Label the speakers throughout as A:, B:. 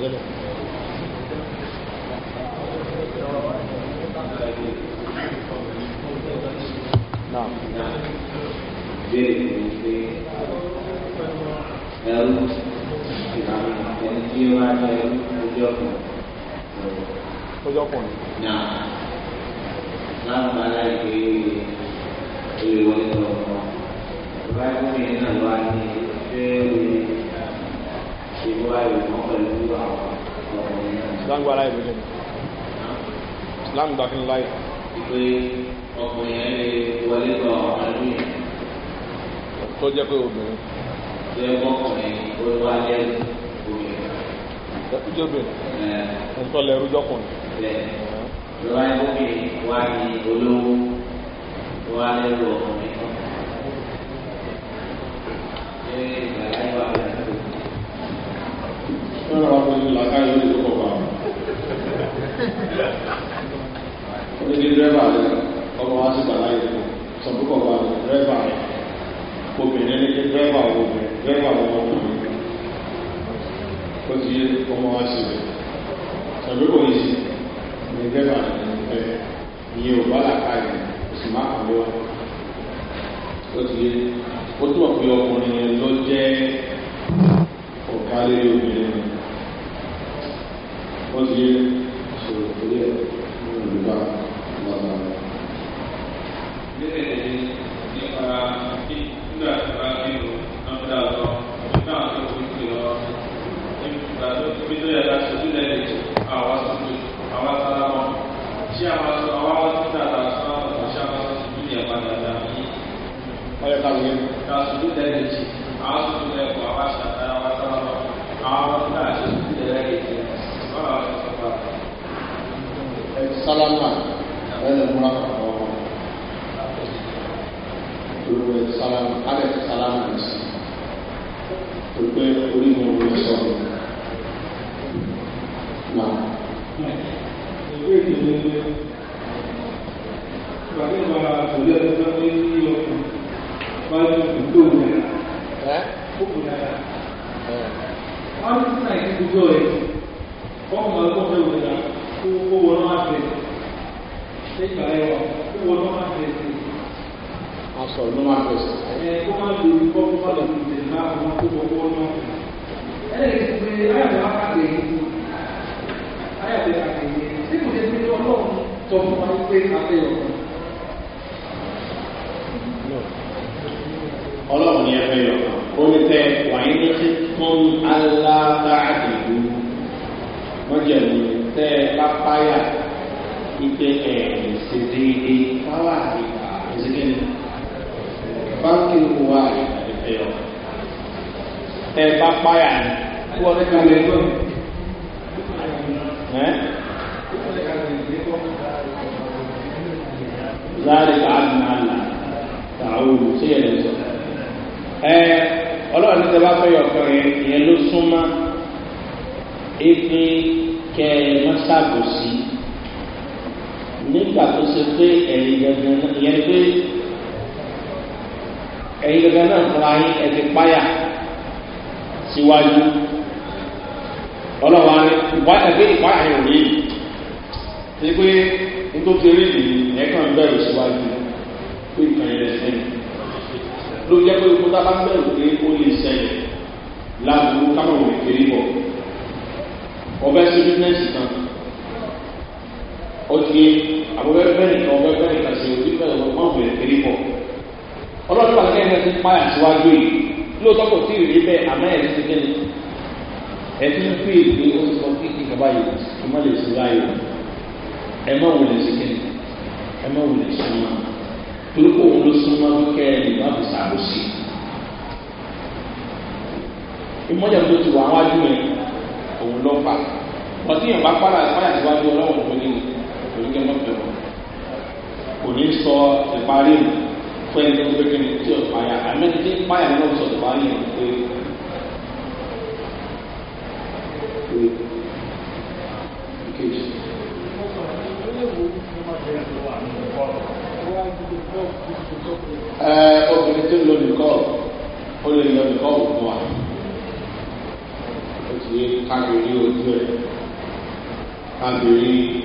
A: tới đây Nào. Ojo pun. Nah, lama lagi di Wonton. Wajib ini wajib. islam gba láyé lóde islam gba kí n láyé. ìpè ọkùnrin yẹn lè wọlé lọ ọmọdún yẹn. tó jẹ́ pé obìnrin. tó yẹ kọkùnrin tó wá lẹ́ obìnrin. ẹ̀kújọ́ obìnrin. ẹ̀ńtọ́ lẹ rújọ́ kùnrin. bẹ́ẹ̀ lọ́wọ́ ẹ̀kọ́ mi wá ní olówó wá lẹ́rù ọkùnrin. náà wọ́n ní làákàyè ní ìlú kọ̀ọ̀kan àwọn. ó ní dírẹ́bà rẹ̀ ọmọ wa ti bàlá yìí sọ̀tún kọ̀ọ̀kan àwọn dírẹ́bà rẹ̀ obìnrin ní kí dírẹ́bà wọ dírẹ́bà wọ ọkùnrin ó ti yé ọmọ wa sí rẹ̀ sọ̀tún kọ̀ yìí ní dírẹ́bà rẹ̀ ní ìfẹ́ ìyẹn ò bá làákàyè wọ́n ti yé ṣòro torí ẹ̀ nínú ìgbà lọ́la. Bẹ́ẹ̀ ni nípa nígbà tí wọ́n bá nínú nọ́mbà lọ, nígbà tí wọ́n ti lọ, nígbà tó ti bí lóye la ṣojú lẹ́yìn àwọn aṣojú àwọn kọ́ọ̀mù ọlọ́pẹ́ òmìnira kó kó wọn náà fẹ́ ṣé ìgbà ẹ wà kó wọn náà fẹ́ sí. a sọ ló máa fẹ́ sí. ẹ kó má lè rí kọ́ kó má lè rí ìdè náà kó má kó náà. ẹ lè ti pe ayàtọ̀ akáde yìí ayàtọ̀ akáde yìí tí kò lè fi ọlọ́run tọ́ fún wa pé abẹ́ ọ̀kan. ọlọ́run ni ẹ fẹ́ yọ̀ ọ́ ní tẹ wàá ní kí fún aláàbàdìgún mọ́jẹ̀mú tẹ́ ẹ bá páyà ipe ẹ̀ ṣe déédéé káwá àyíká ẹ̀ṣẹ̀kẹ́ni báńkì kò wá àyíká ẹ̀fẹ́ ọ̀ tẹ́ ẹ bá páyà ni. kó o lè ka lè gbọ́. láàrin káàdì náà là tààrù sí ẹ̀ lọ́sọ̀. ẹ ọlọ́run ti bá fẹ́ yọ̀ ọ̀kan yẹn ló súnmọ́. epe kɛ ẹ má ṣàbòsí nígbà tó ṣe pé ẹ̀yin gangan ìyẹn pé ẹ̀yin gangan náà fúnra yín ẹ páyà síwájú wá ẹgbẹ́ ìpáyà yẹn ò ṣe pé ti ẹ̀kan bẹ̀rù síwájú pé ìkan yẹn lẹ́sẹ̀ ló jẹ́ pé kó tá bá bẹ̀rù pé ó lè kiri bọ̀. ọbẹ̀ sí bísínẹ́sì kan ó ti àbọ̀bẹ̀ bẹ́ẹ̀ nìkan ọbẹ̀ bẹ́ẹ̀ nìkan sí ojú bẹ́ẹ̀ lọ́wọ́ mọ́ bẹ̀rẹ̀ kiri pọ̀ ọlọ́dún wa kẹ́kẹ́ ti páyà síwájú yìí lóòótọ́ kò tí ì rí bẹ́ẹ̀ àmọ́ ẹ̀ ti kéde ẹtí ń pè é ó ti sọ kí kí kaba yìí ẹ má lè sí láàyè ẹ má wò lè sí kéde ẹ má wò sí wọn torí kò wọ́n ló súnmọ́ kẹ́ ẹ lè má bùsà àbòsí ìmọ̀jà tó ti wà wájú yẹn ọtí yẹn bá pàrọ̀ àpáyà síwájú ọlọ́wọ́ tó ní oríkẹ́ mọ́tò kò ní sọ ìparí fún ẹni tó gbẹ́kẹ́ ní tí ò páyà àmẹ́ni tí páyà náà sọ ìparí yẹn pé ìkejì. ẹ obìnrin tí ń lo nìkọ́ ó lè lọ nìkọ́ òkú wa ó ti káàkiri ojú ẹ̀ can be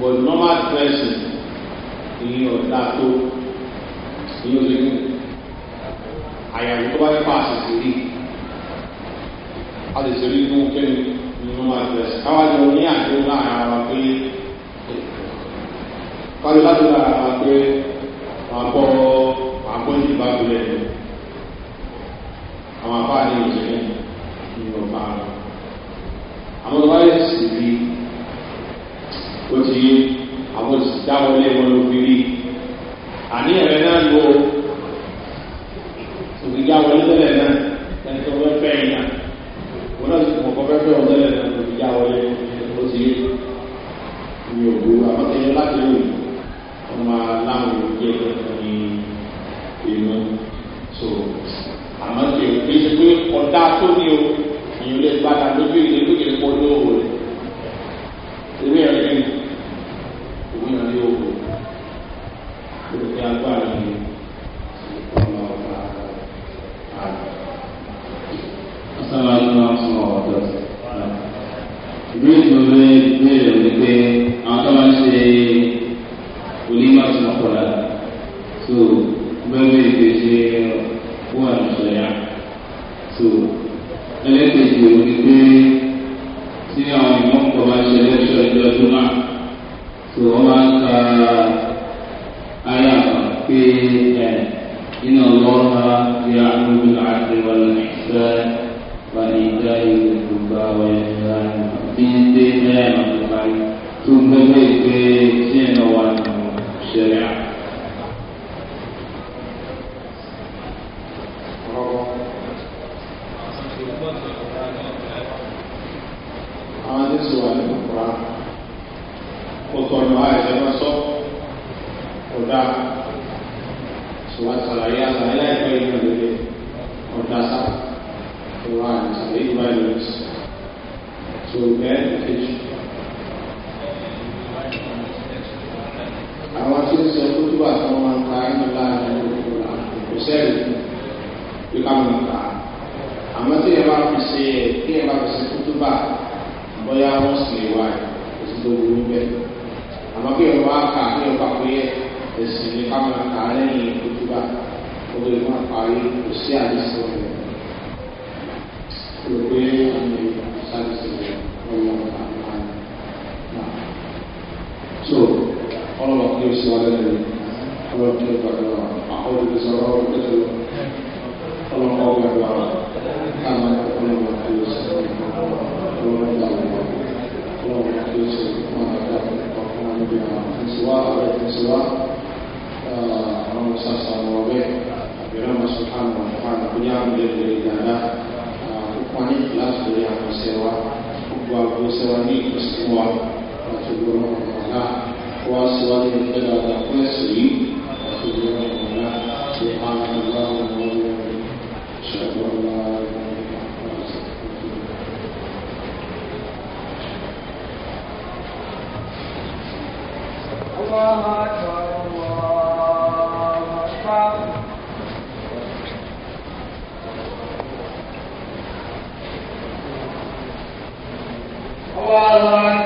A: but normal person ìyẹn ọ̀dà tó ìyẹn olóyún àyàwó tó bá nípa àṣìṣe rí àṣìṣe rí fún kẹ́mi ní normal dressing káwájú ní àdéhùn láàrin ara pé káwájú láti láàrin ara pé wàá bọ́ wàá bọ́ ní ìbákulẹ̀ àwọn afáàní ìṣẹ̀lẹ̀ ní ọba àwọn ọba yẹn sì rí i ó ti yé àwọn òṣìṣẹ́ dáwọlé wọn ló fi rí àní ẹ̀rẹ́ náà lò ó òbí dáwọlé tẹ́lẹ̀ náà ẹni tó fẹ́ fẹ́ yìí náà wọn náà ti mọ̀kọ́ fẹ́ fẹ́ wọn tẹ́lẹ̀ náà òbí dáwọlé ó ti yé mi ò bu àwọn tẹ́lẹ̀ láti lò wọn máa láwọn òbí yẹ ní inú so àmọ́ kì í ṣe pé ọ̀dà tó ní o ìyọ̀lẹ́ gbàdá lójú ìdílé lókè pọ̀ Assalamu alaikum warahmatullahi wabarakatuh. Ìbéèrè tí mo fẹ́ béèrè ni pé àwọn tó máa ń ṣe onímọ̀ tí wọ́n kọ̀ lára. So bẹ́ẹ̀ bí ìgbé ṣe wà lọ́sọ̀yà. So ẹlẹ́kẹ̀jì ò ní pé tí àwọn ìmọ̀ tí ń dé mẹ́rin ọ̀dọ̀ parí tó ń gbẹ́gbẹ́ ìpè tí ẹ̀ lọ́wọ́ nù ṣẹlẹ̀ á. àwọn tó sì wà nínú kura ọkọ̀ ní wàá ẹ̀jẹ̀ bá sọ ọ̀dà ṣùgbọ́n àtàlàyé àtàlàyé àìpẹ́ ìgbàlódé ọ̀dà sáà ìwà àti ìgbàlódé. So men teach. Àwọn tí ń sọ kútu bá tó máa ń ka ẹnu láàrin ìlú kò sẹ́rì bí ká máa ka. Àwọn tí ìyẹn bá fi ṣe tí ìyẹn bá fi ṣe kútu bá bóyá wọ́n sì lè wá kò sí tó burú bẹ́ẹ̀. Àmọ́ kí ìyẹn wá kà kí ìyẹn bá pé ẹ̀sìn ní ká máa ka lẹ́yìn kútu bá kó lè máa parí kò sí àdìsí ọ̀rẹ́. Olùgbé so ọlọ́wọ́ kí o ṣe wá lẹ́nu ọlọ́wọ́ kí o gbàgbọ́ wa àwọn olùdíje ọlọ́wọ́ kí o ṣe ọlọ́wọ́ gbàgbọ́ wa káàmà ọlọ́wọ́ kí o ṣe ọlọ́wọ́ gbàgbọ́ wa ọlọ́wọ́ kí o ṣe ọlọ́wọ́ gbàgbọ́ wa ọlọ́wọ́ kí o ṣe wá àwọn ìfẹsẹ̀ wá àwọn sàṣà wọn bẹ́ẹ̀ àbẹ̀rẹ̀ membuat dosa lagi ke semua Rasulullah Muhammadah Kuasa yang kita dapat sendiri Rasulullah Muhammadah Tuhan Allah Muhammadah Syabat Allah follow